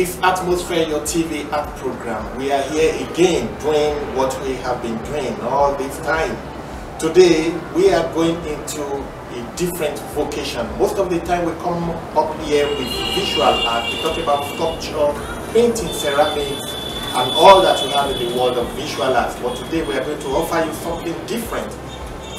If Atmosphere, your TV app program. We are here again doing what we have been doing all this time. Today, we are going into a different vocation. Most of the time, we come up here with visual art. We talk about sculpture, painting, ceramics, and all that we have in the world of visual art. But today, we are going to offer you something different.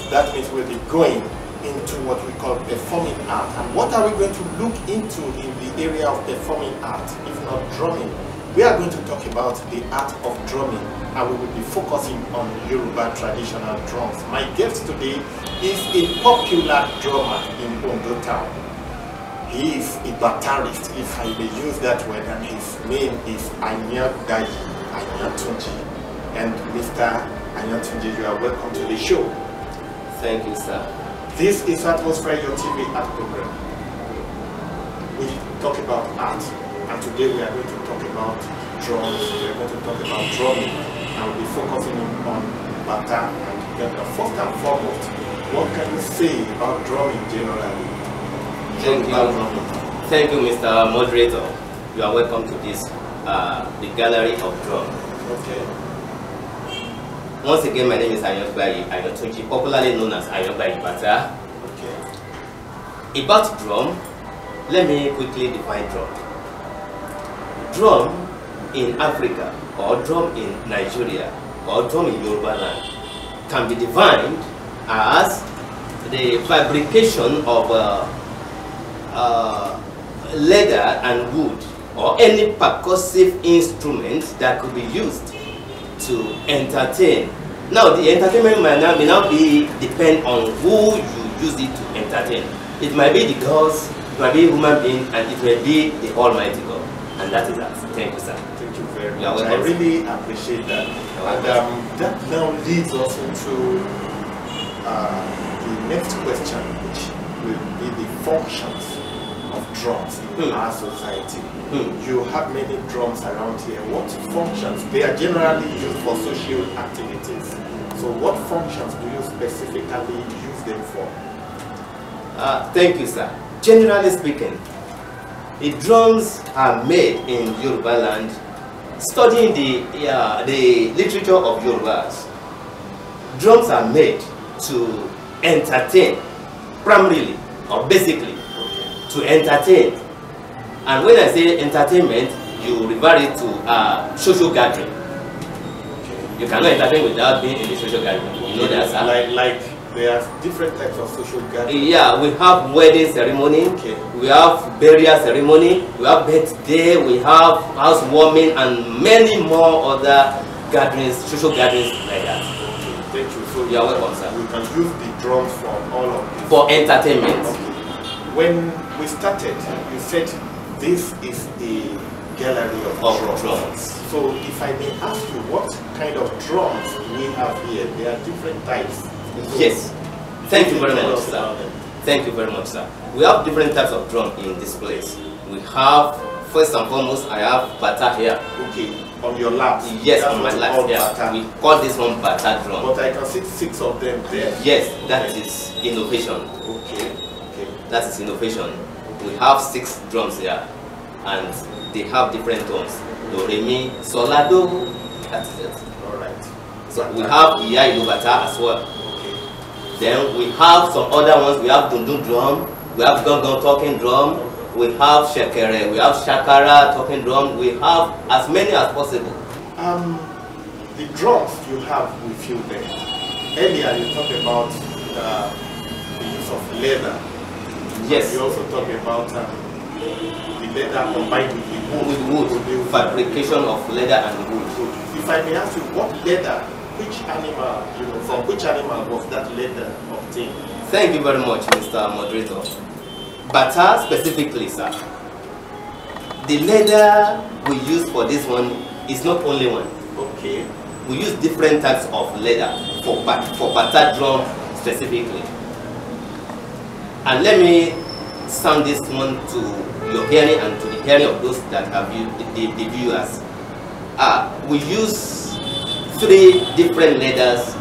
That means we'll be going into what we call performing art. And what are we going to look into in area of performing art, if not drumming. We are going to talk about the art of drumming and we will be focusing on Yoruba traditional drums. My guest today is a popular drummer in Ondo town. He is a guitarist, if I may use that word, and his name is Anyadayi Anyatunji. And Mr. Anyatunji, you are welcome to the show. Thank you, sir. This is Atmosphere Your TV art program talk about art, and today we are going to talk about drums, we are going to talk about drumming, and we'll be focusing on Bata and Ganga. First and foremost, what can you say about drumming generally? Thank you. Drumming? Thank you, Mr. Moderator. You are welcome to this, uh, the Gallery of Drum. Okay. Once again, my name is Ayogbayi Ayotunji, popularly known as Ayogbayi Bata. Okay. About drum, let me quickly define drum. Drum in Africa or drum in Nigeria or drum in Yoruba land can be defined as the fabrication of uh, uh, leather and wood or any percussive instrument that could be used to entertain. Now the entertainment may may not be depend on who you use it to entertain. It might be the girls it may be human being and it may be the Almighty God. And that is us. Thank you, sir. Thank you very much. I really appreciate that. And um, that now leads us into uh, the next question, which will be the functions of drums in hmm. our society. Hmm. You have many drums around here. What functions? They are generally used for social activities. So what functions do you specifically use them for? Uh, thank you, sir. Generally speaking, the drums are made in Yoruba land studying the, uh, the literature of Yorubas. Drums are made to entertain primarily or basically to entertain. And when I say entertainment, you refer it to a uh, social gathering. You cannot entertain without being in a social gathering. You know that, sir? Like, like there are different types of social gatherings. Yeah, we have wedding ceremony. Okay. We have burial ceremony. We have birthday. We have housewarming and many more other gatherings, social gatherings like that. Okay, thank you. So you're welcome, sir. We can use the drums for all of this. For entertainment. Okay. When we started, you said this is a gallery of, of drums. drums. So if I may ask you, what kind of drums we have here? There are different types. Yes. Thank you very much, sir. Thank you very much, sir. We have different types of drum in this place. We have, first and foremost, I have bata here. Okay, on your lap. Yes, on my lap We call this one bata drum. But I can see six of them there. Yes, okay. that is innovation. Okay. okay. That is innovation. We have six drums here, and they have different tones. Do, re, mi, solado. That is it. All right. So we have iya bata as well. Then we have some other ones. We have dundu drum, we have Gong Gong talking drum, we have Shekere, we have Shakara talking drum, we have as many as possible. Um, the drums you have with you there, earlier you talked about uh, the use of leather. Yes. You also talked about uh, the leather combined with the wood. With wood, fabrication of leather and wood. So if I may ask you, what leather which animal, you know, from which animal was that leather obtained? Thank you very much, Mr. Moderator. Bata specifically, sir. The leather we use for this one is not only one. Okay. We use different types of leather for, for Bata drum specifically. And let me sound this one to your hearing and to the hearing of those that have you, the, the, the viewers. Uh, we use three different letters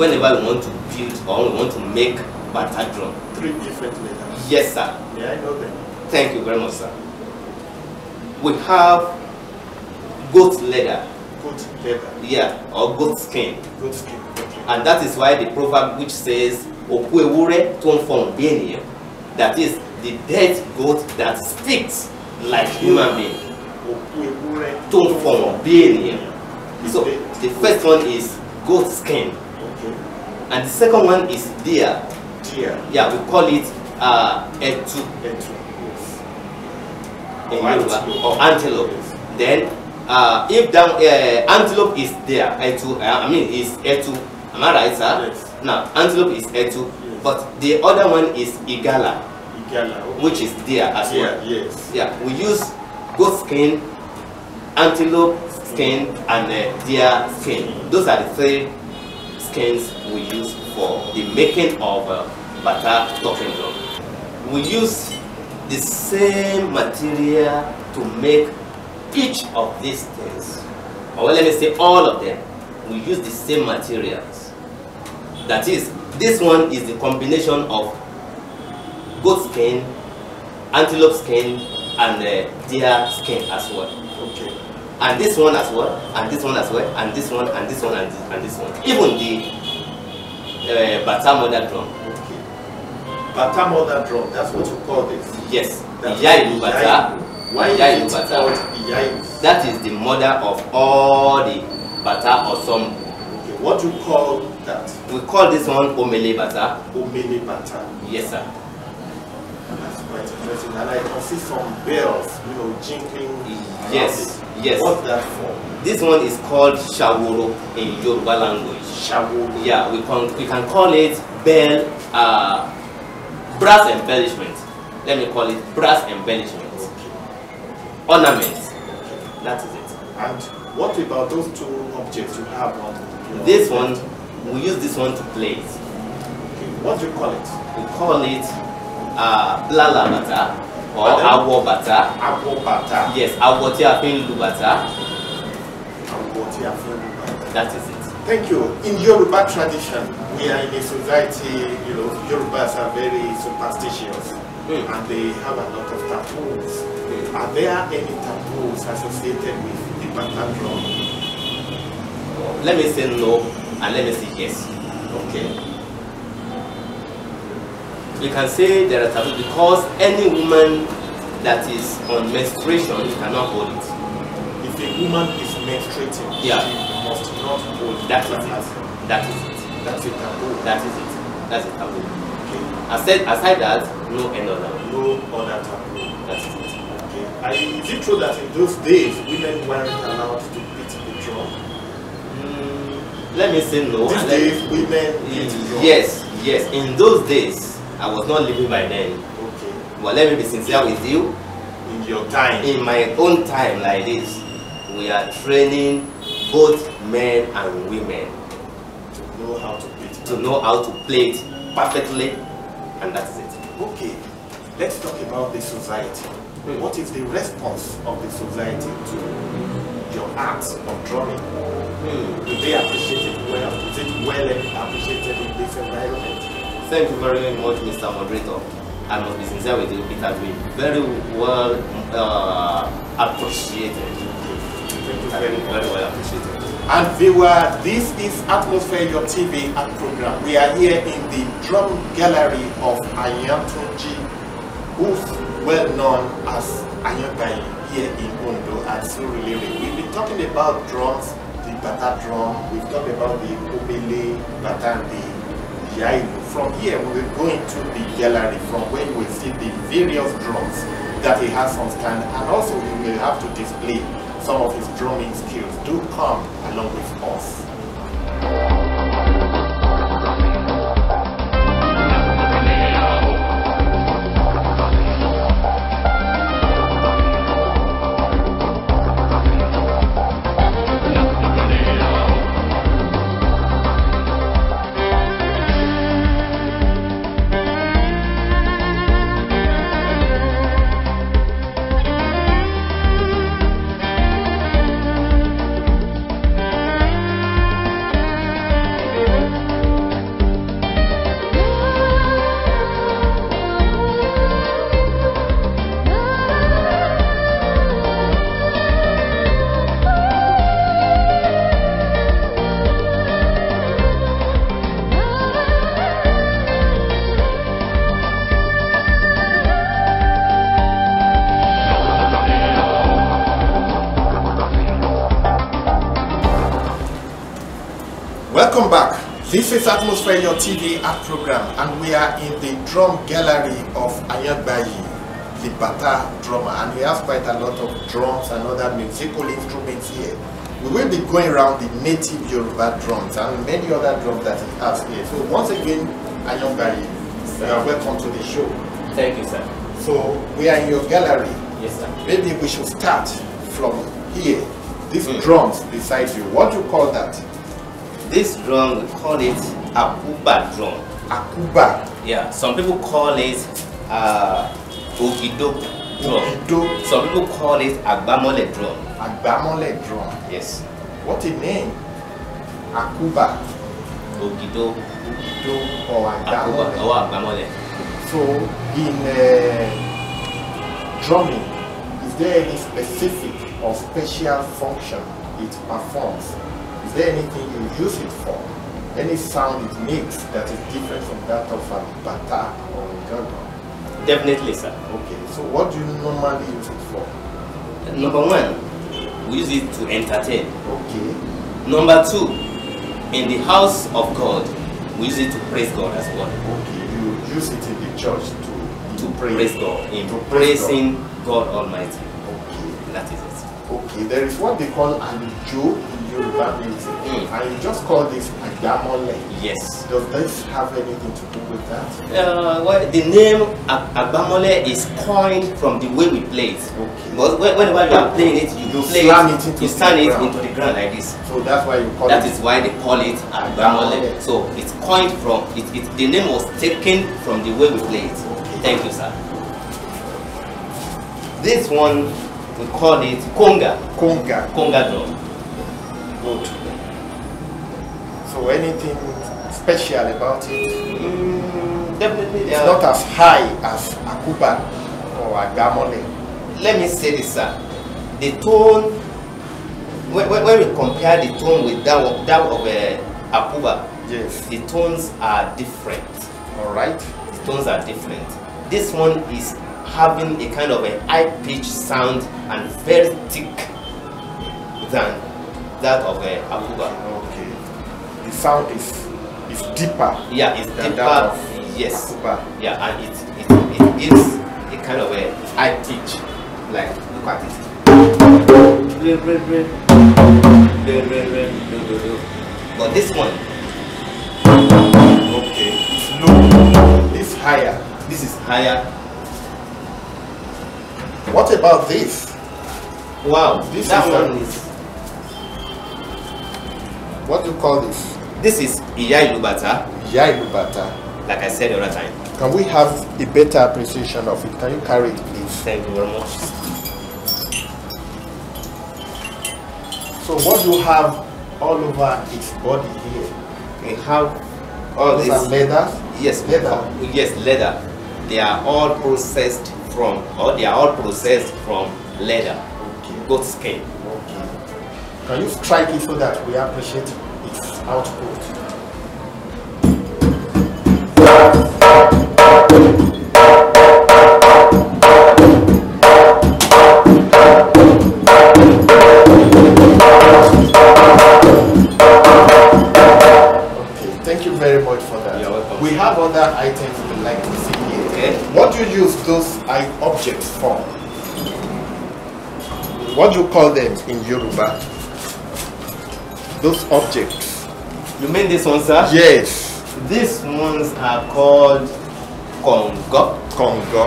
whenever we want to build or we want to make Batadron. Three different letters? Yes, sir. Yeah, I know them. Thank you very much, sir. We have goat leather. Goat leather? Yeah, or goat skin. Goat skin, okay. And that is why the proverb which says, Oku ewure to form benio. That is, the dead goat that speaks like human being. Oku ewure to form So, the first one is goat skin. Okay. And the second one is deer. Deer. Yeah, we call it uh, etu. Etu, yes. or antelope. Or antelope. Yes. Then, uh, if that uh, antelope is there, etu, uh, I mean, is etu. Am I right, sir? Yes. Now, antelope is etu. Yes. But the other one is igala. Igala. Okay. Which is deer as well. Yes. Yeah, we use goat skin, antelope, skin and uh, deer skin. Those are the three skins we use for the making of uh, butter stuffing drum. We use the same material to make each of these things. Or let me say all of them. We use the same materials. That is, this one is the combination of goat skin, antelope skin, and uh, deer skin as well. Okay. and this one as well, and this one as well, and this one, and this one, and this, and this one. Even the uh, Bata mother drum. Okay. Bata mother drum, that's what you call this? Yes. That's Iyailu Bata. Why is it Bata. called That is the mother of all the Bata or some. Okay, what do you call that? We call this one Omele Bata. Omele Bata. Yes, sir. That's quite interesting. And I can see some bells, you know, jingling. Yes. Yes. What's that for? This one is called shaworo in Yoruba language. Shaworo. Yeah, we can we can call it bell uh, brass embellishment. Let me call it brass embellishment. Okay. Ornament. Okay. That is it. And what about those two objects you have on This one, we use this one to play it. Okay. What do you call it? We call it uh, blalabata or awọ bàtà. awọ bàtà. yes awọ tí a lu bàtà. awọ tí lu bàtà. that is it. Thank you. In Yoruba tradition, we are in a society, you know, Yorubas are very superstitious mm. and they have a lot of taboos. Mm. Are there any taboos associated with the Bata drum? Let me say no and let me say yes. Okay you can say there are taboo because any woman that is on menstruation, you cannot hold it. If a woman is menstruating, yeah. she must not hold that is it. That is it. That's a taboo. That is it. That's a taboo. Okay. I said aside that, no another. No other taboo. That's it. Okay. I, is it true that in those days women weren't allowed to beat the drum? Mm, let me say no. These days women beat the drum. Yes, yes. In those days, I was not living by then. Okay. But let me be sincere with you. In your time. In my own time like this, we are training both men and women. To know how to play To know how to play it perfectly. And that's it. Okay. Let's talk about the society. Hmm. What is the response of the society to your art of drawing? Hmm. Do they appreciate it well? Is it well appreciated in this environment? Thank you very much, Mr. Moderator. I must be sincere with you, it has been very well uh, appreciated. Thank you very, very well appreciated. And viewer, this is Atmosphere Your TV and program. We are here in the drum gallery of Ayantunji, who's well known as Ayantai here in Ondo and Surulere. We've been talking about drums, the bata drum, we've talked about the obele, bata, the yailu from here, we will go into the gallery from where you will see the various drums that he has on stand and also you will have to display some of his drumming skills. Do come along with us. Welcome back. This is Atmosphere Your TV app program and we are in the drum gallery of Ayagbayi, the Bata drummer and we have quite a lot of drums and other musical instruments here. We will be going around the native Yoruba drums and many other drums that he has here. So once again, Ayagbayi, you are welcome to the show. Thank you sir. So we are in your gallery. Yes sir. Maybe we should start from here. These mm. drums beside you, what do you call that? This drum, we call it Akuba drum. Akuba? Yeah, some people call it uh, Ogidoku drum. Ogido. Some people call it Agbamole drum. Agbamole drum? Yes. What a name! Akuba. Ogido. Ogido or Agbamole. Akuba or Agbamole. So, in uh, drumming, is there any specific or special function it performs there anything you use it for? Any sound it makes that is different from that of a bata or a ganga? Definitely, sir. Okay, so what do you normally use it for? Number one, we use it to entertain. Okay. Number two, in the house of God, we use it to praise God as well. Okay, you use it in the church to to praise, God, in to praising God. God Almighty. Okay, that is it. Okay, there is what they call an joke Yoruba music, mm. and you just call this Agamole. Yes. Does this have anything to do with that? Uh, well, the name Ag Agamole is coined from the way we play it. Okay. Because whenever you are playing it, you, you play it, it you turn it into the ground like this. So that's why you call that it. That is why they call it Agamole. Agamole. So it's coined from, it, it, the name was taken from the way we play it. Okay. Thank you, sir. This one, we call it Conga. Conga. Conga drum good. So anything special about it? Mm, definitely. It's yeah. not as high as Akuba or Agamole. Let me say this, sir. The tone, when, when we compare the tone with that of, that of uh, Akuba, yes. the tones are different. All right? The tones are different. This one is having a kind of a high-pitched sound and very thick than that of uh, Akuba. Okay. The sound is is deeper. Yeah, it's deeper. yes. Akuba. Yeah, and it, it it gives a kind of a high pitch. Like look at it. But this one. Okay. No, This higher. This is higher. What about this? Wow. This that is one is what do you call this? This is Iya Ilubata. Iya Like I said the other time. Can we have a better appreciation of it? Can you carry it, please? Thank you very much. So what you have all over its body here? We have all these leather. Yes, leather. Oh, yes, leather. They are all processed from, or they are all processed from leather, okay. goat skin. Oh. Can you strike it so that we appreciate its output? Okay. Thank you very much for that. We have other items you like to see here. What do you use those objects for? What do you call them in Yoruba? those objects. You mean this one, sir? Yes. These ones are called congo. Congo.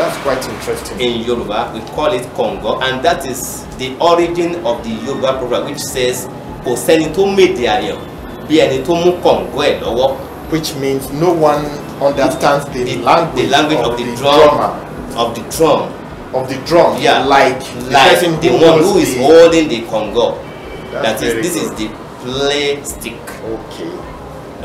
That's quite interesting. In Yoruba, we call it congo, and that is the origin of the Yoruba proverb, which says, kò sẹ́ni tó mèdè àyàn bí Which means no one understands the, the language, the language of, of the, the drum, drummer. Of the drum. Of the drum. Yeah. Like, like the, the one who is the... holding the congo that is, this good. is the play stick. Okay.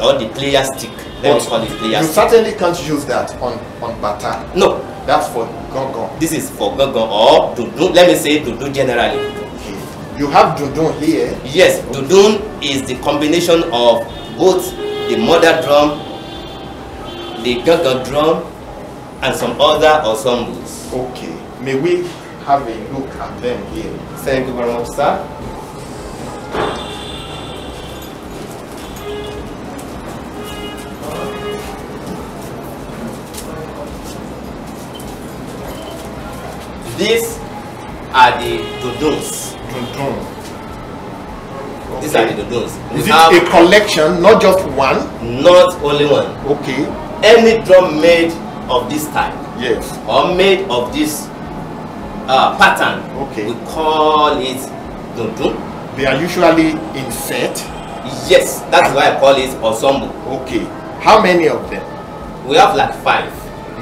Or the player stick. Let but me call it player you stick. certainly can't use that on, on Bata. No. That's for gogo. This is for gogo or Dundun. Let me say Dundun generally. Okay. You have Dundun here. Yes, okay. Dundun is the combination of both the mother drum, the gogo drum, and some other ensembles. Okay. May we have a look at them here. Thank you very much, sir. These are the dodones. Dodon. Okay. These are the dodones. Is we it a collection, not just one? Not only one. Okay. Any drum made of this type. Yes. Or made of this uh, pattern. Okay. We call it dodon. They are usually in set. Yes, that's why I call it ensemble. Okay. How many of them? We have like five.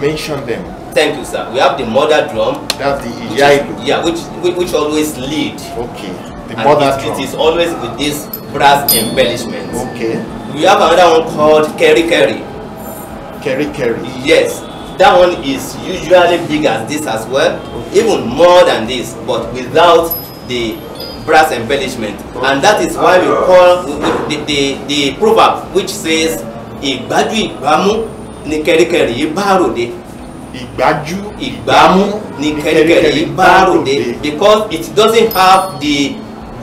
Mention them. Thank you, sir. We have the mother drum. That's the Iyailu. Yeah, which, which, which always lead. Okay. The and mother it, drum. It is always with this brass embellishment. Okay. We have another one called Kerry Kerry. Kerry Kerry. Yes. That one is usually bigger as this as well, okay. even more than this, but without the brass embellishment. Okay. And that is why we call the, the, the, the proverb which says, Ìgbájú bamu ni kẹ́ríkẹ́rí yìí bá ìgbájú ìgbámú ni kẹ́ríkẹ́rí bá ròde because it doesn't have the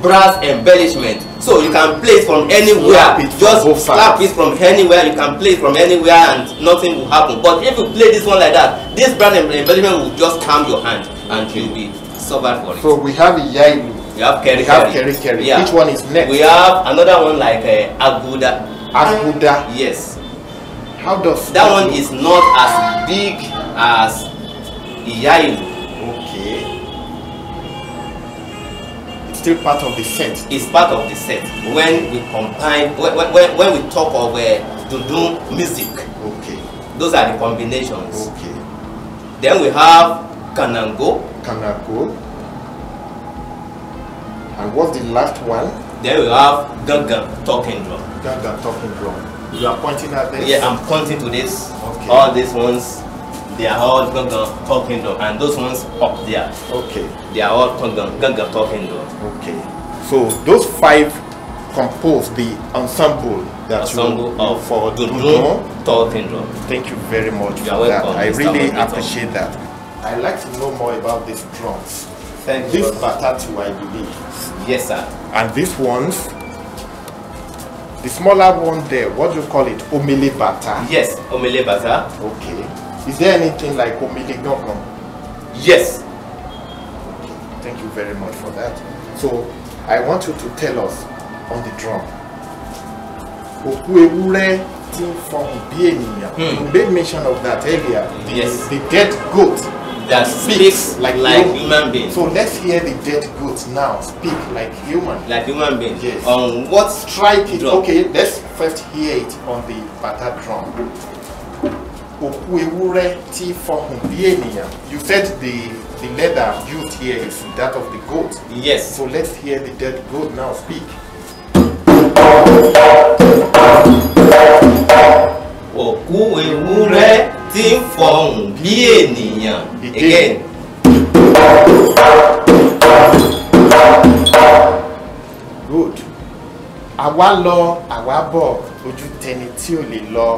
brass embellishment so you can play it from anywhere it just slap it from anywhere you can play it from anywhere and nothing will happen but if you play this one like that this brass embellishment will just calm your hand and you will be suffered for it. so we have iyailu we have kerikeri we have kerikeri yeah. which one is next. we have another one like uh, aguda. aguda yes How does that one look? is not as big as yin. Okay. It's still part of the set. It's part of the set. When we combine, when, when, when we talk of uh, music. Okay. Those are the combinations. Okay. Then we have Kanango. Kanango. And what's the last one? Then we have Gaga talking drum. Gaga talking drum. You are pointing at this? Yeah, I'm pointing to this. Okay. All these ones, they are all Ganga talking dog. And those ones up there. Okay. They are all Ganga, Ganga talking dog. Okay. So those five compose the ensemble that ensemble you, of for talking dog. Thank you very much you for that. I Mr. really Mr. appreciate that. I'd like to know more about these drums. Thank this you. This batatu, I believe. Yes, sir. And these ones? The smaller one there, what do you call it? Omele bata? Yes, omele bata. Okay. Is there anything like omele gangan? Yes. Thank you very much for that. So, I want you to tell us on the drum. Òkú ewúrẹ́ tí ń fọhùn bí hmm. You made mention of that earlier. The, yes. The dead goat that speaks like, like human beings. So let's hear the dead goat now speak like human. Like human beings. Yes. On what strike it? Drum. Okay, let's first hear it on the bata drum. Òkú ewúrẹ́ tí fọhùn You said the the leather used here is that of the goat. Yes. So let's hear the dead goat now speak. Òkú ewúrẹ́ tí fọhùn bí ènìyàn again. good àwa lọ àwa bọ̀ ojú tẹni tí ò lè lọ.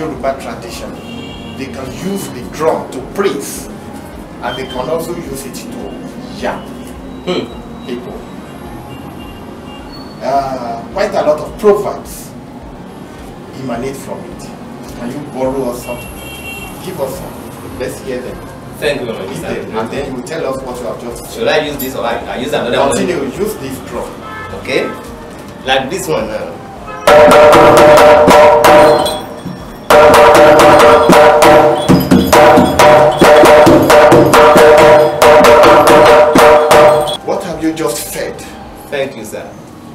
Yoruba tradition, they can use the drum to praise, and they can also use it to yap hmm. people. Uh, quite a lot of proverbs emanate from it. Can you borrow us some? Give us some. Let's hear them. Thank you, Lord. Read and then you will tell us what you have just. Should I use this or I, I use another Continue, one? Continue. Use this drum. Okay. Like this one. Uh,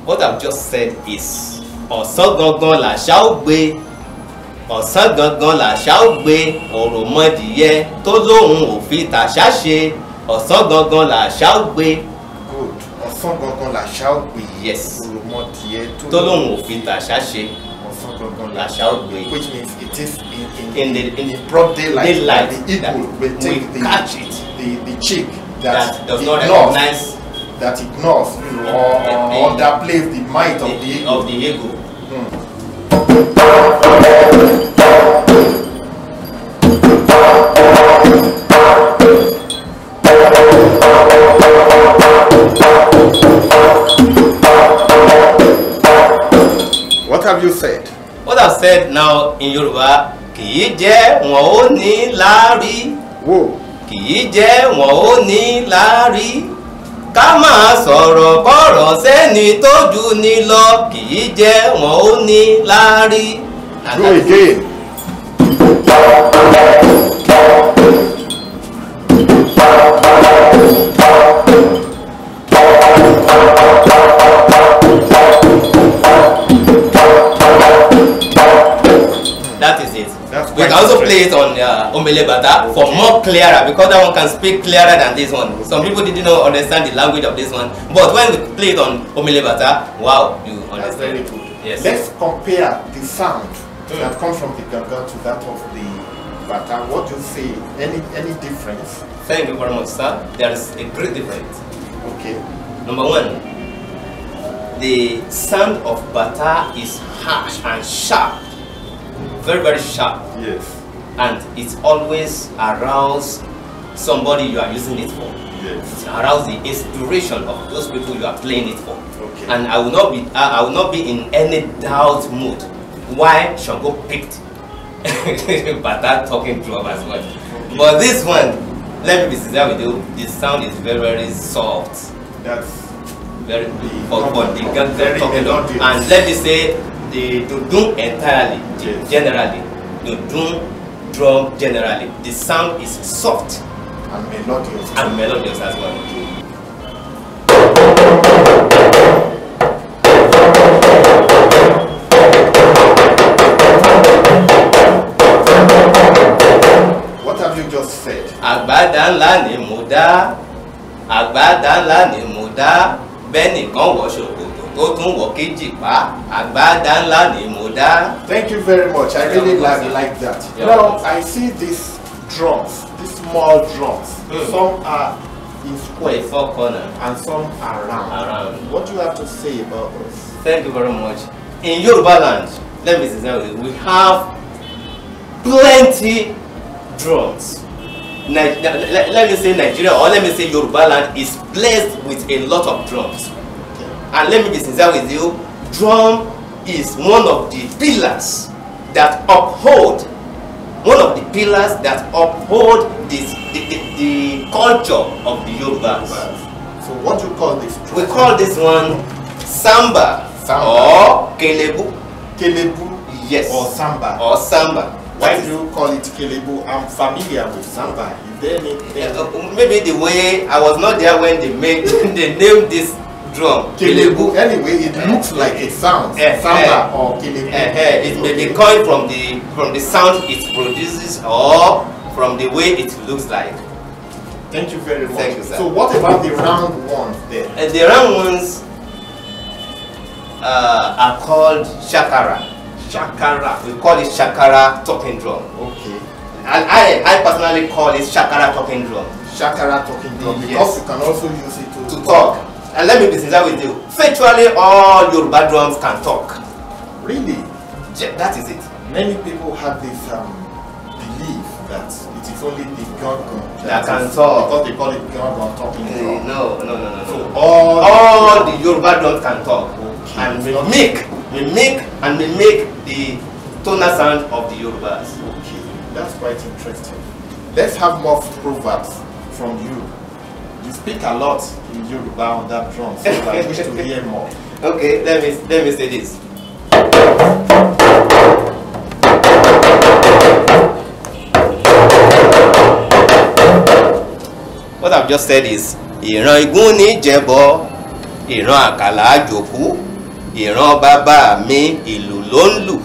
what I've just said is ọ̀sán gangan làṣà ó gbé ọ̀sán gangan làṣà ó gbé òròmọdìyẹ tó lóun ò fi tàṣà ṣe ọ̀sán gangan làṣà ó gbé. good ọ̀sán gangan làṣà ó gbé. yes òròmọdìyẹ tó lóun ò fi tàṣà ṣe ọ̀sán gangan làṣà ó gbé. which means it is in the in the broad daylight, daylight the eagle will take the catch it the the chick that, that does not recognize that ignores mm. or, or underplays the might of the, ego. Of the ego. What have you said? What I've said now in Yoruba, kì í jẹ́ wọn ò ní láárí. Whoa. Kì jẹ́ wọn ò ní láárí ká máa sọ̀rọ̀ kọ̀rọ̀ sẹ́ni tójú ni lọ kì í jẹ́ wọn ó ní láárí. Go again. play it on uh, Omelebata for more clearer because that one can speak clearer than this one. Some people didn't understand the language of this one, but when we play it on Omelebata, wow, you understand. That's very good. Yes. Let's compare the sound mm. that comes from the Gaga to that of the Bata. What do you say? Any any difference? Thank you very much, sir. There is a great difference. Okay. Number one, the sound of Bata is harsh and sharp very very sharp. Yes and it always arouse somebody you are using it for. Yes. It arouse the inspiration of those people you are playing it for. Okay. And I will not be I, will not be in any doubt mood why Shango picked that talking drum as much. Okay. But this one, let me be sincere with you, the sound is very very soft. That's very for, the very talking drum. And let me say the drum entirely, yes. generally, drum. drum generally. The sound is soft and melodious. And melodious as well. What have you just said? mo dá àgbádá ńlá ni mo dá bẹ́ẹ̀ nìkan wọ̀ ṣòkòtò ó tún wọ kéjì pa àgbàdá ńlá ni mo dá. thank you very much i really glad you like that now i see these drums these small drums mm. some are in square four corner and some are round. around what do you have to say about us? thank you very much in Yoruba land let me say with we have plenty drums. Ni let, let me say Nigeria or let me say Yoruba land is blessed with a lot of drums and let me be sincere with you drum is one of the pillars that uphold one of the pillars that uphold this, the, the, the culture of the Yorubas. So what do you call this? We call this one samba, samba. or kelebu. Kelebu. Yes. Or samba. Or samba. Why do you call it kelebu? I'm familiar with samba. Is there anything? Yeah, uh, maybe the way I was not there when they made they named this drum. Kelebu. Anyway, it uh, looks like it sounds. Uh, Samba uh, or kelebu. Uh, it may be coined from the from the sound it produces or from the way it looks like. Thank you very much. Thank you, sir. So what about the round ones then? Uh, the round ones uh, are called shakara. Shakara. We call it shakara talking drum. Okay. And I, I personally call it shakara talking drum. Shakara talking drum because you can also use it to, to talk. And let me be sincere with you. Virtually all Yoruba drums can talk. Really? Yeah, that is it. Many people have this um, belief that it is only the Gangan that, that can is, talk. Because they call it Gangan talking uh, No, no, no, no. So all, all the Yoruba drums can talk. Okay. And mimic, make, and make the tonal sound of the Yorubas. Okay, that's quite interesting. Let's have more proverbs from you you speak a lot in Yoruba on that drum, so I wish to hear more. Okay, let me let me say this. What I've just said is ìran Iguni Jebo, jẹbọ Akala Ajoku, àjòkú Baba bàbá mi ìlú ló ń lù.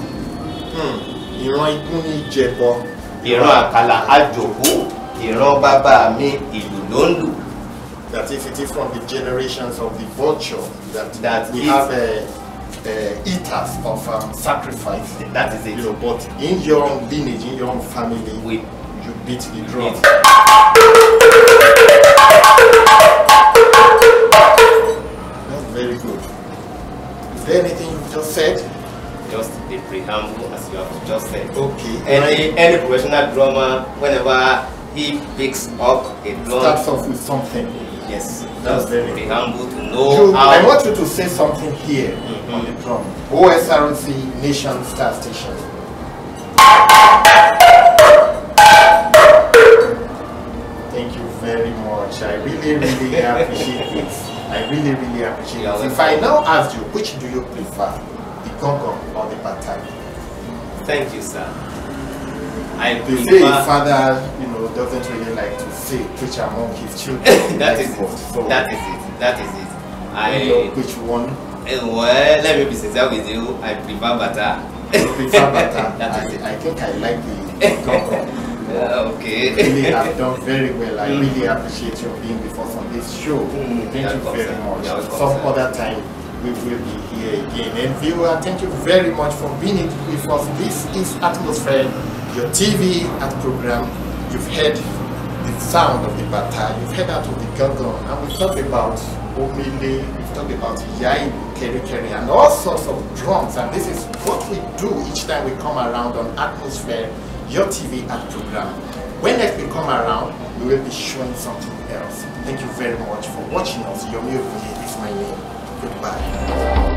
ìran igún ní jẹbọ. ìran àkàlà àjòkú that if it is from the generations of the vulture that, that we have a, uh, a uh, eaters of um, sacrifice, that is it. You know, but in your own lineage, in your own family, we, you beat the drum. That's very good. Is there anything you just said? just the preamble as you have just said. Okay. Any any professional drummer, whenever he picks up a drum, starts off with something. Yes, that's very be humble to know how. I want you to say something here mm -hmm. on the drum. OSRNC Nation Star Station. Thank you very much. I really, really appreciate it. I really, really appreciate yeah, it. If I now ask you, which do you prefer, the Gongo or the Batai? Thank you, sir. I prefer... say father, you know, doesn't really like to see preach among his children. that is it. So that is it. That is it. I which one? Eh, well, let me be sincere with you. I prefer butter. You prefer butter. that I, is it. I think I like the cocoa. Uh, okay. really i have done very well. I mm. really appreciate your being with us on this show. Mm, thank you very much. you Some other time we will be here again. And viewer, thank you very much for being with us. This is Atmosphere, your TV at program You've heard the sound of the bata, you've heard that of the gangan, and we've talked about omile. we've talked about yai, keri keri, and all sorts of drums. And this is what we do each time we come around on Atmosphere, your TV ad program. When next we come around, we will be showing something else. Thank you very much for watching us. Yomi Ogunye is my name. Goodbye.